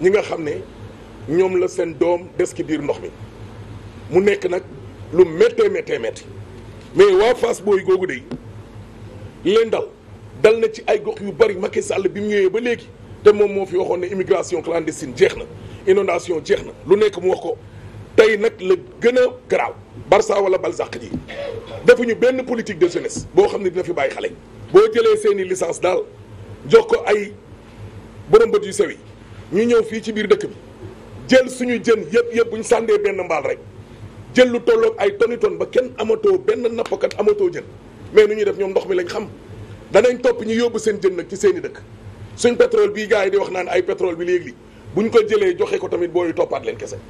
ñi nga xam ne ñoom la seen doom des ci biir ndox mi mu nekk nag lu méttee méttee métti mais waa Fass booy googu de leen dal dal na ci ay gox yu bari Macky sàll bi mu ñëwee ba léegi te moom moo fi waxoon ne immigration clandestine jeex na inondation jeex na lu nekk mu wax ko tey nag la gën a garaaw Barça wala Balzac ji defuñu benn politique de jeunesse boo xam ne dina fi bàyyi xale boo jëlee seeni licence daal jox ko ay borom bët yu sew yi ñu ñëw fii ci biir dëkk bi jël suñu jën yëpp yëpp bu ñu sàndee benn mbaal rek jël lu tolloog ay toni ton ba kenn amatoo benn nappkat amatoo jën mais nu ñuy def ñoom ndox mi lañ xam danañ topp ñu yóbbu seen jën nag ci seeni dëkk suñ pétrole bii gars yi di wax naan ay pétrole bi léegi li bu ko jëlee joxe ko tamit booy toppaat leen kese.